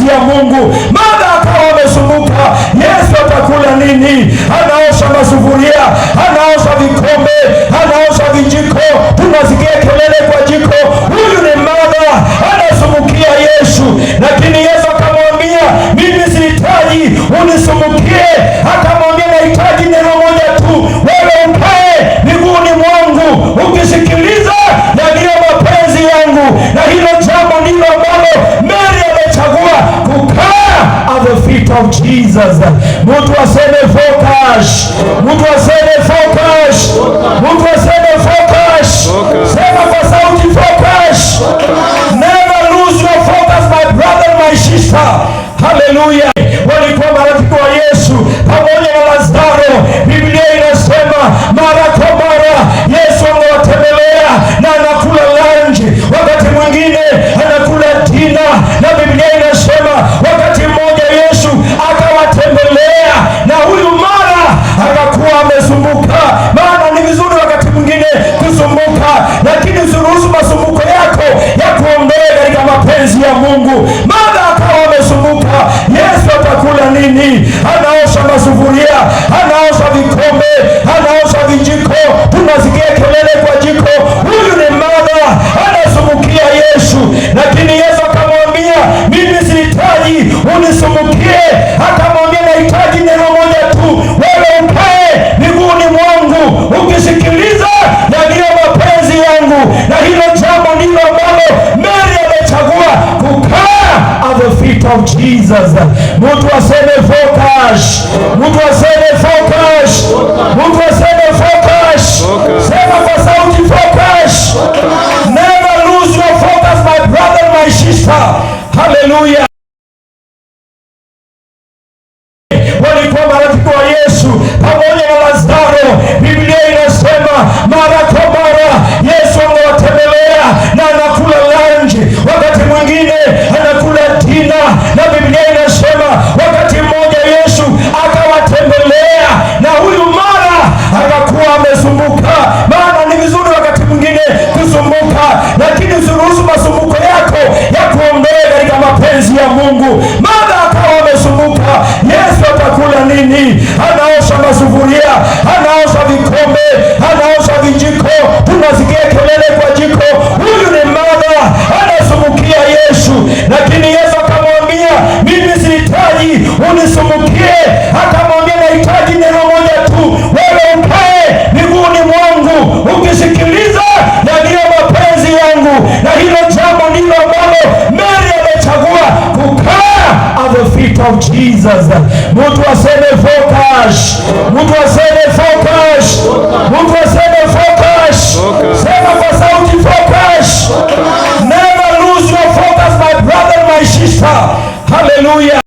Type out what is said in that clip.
mapenzi ya Mungu. of Jesus. Mtu aseme focus. Mtu aseme focus. Mtu aseme focus. Sema kwa sauti focus. Never lose your focus my brother and my sister. Hallelujah. Walikuwa marafiki wa Yesu pamoja na Lazaro. Biblia inasema mara kwa mara Yesu amewatembelea na anakula lunch. Wakati mwingine Jesus. Muito acima e focas. Muito acima e focas. Muito acima e focas. Jesus. Mtu aseme focus. Mtu aseme focus. Mtu aseme focus. Sema kwa sauti focus. Never lose your focus, my brother, my sister. Hallelujah.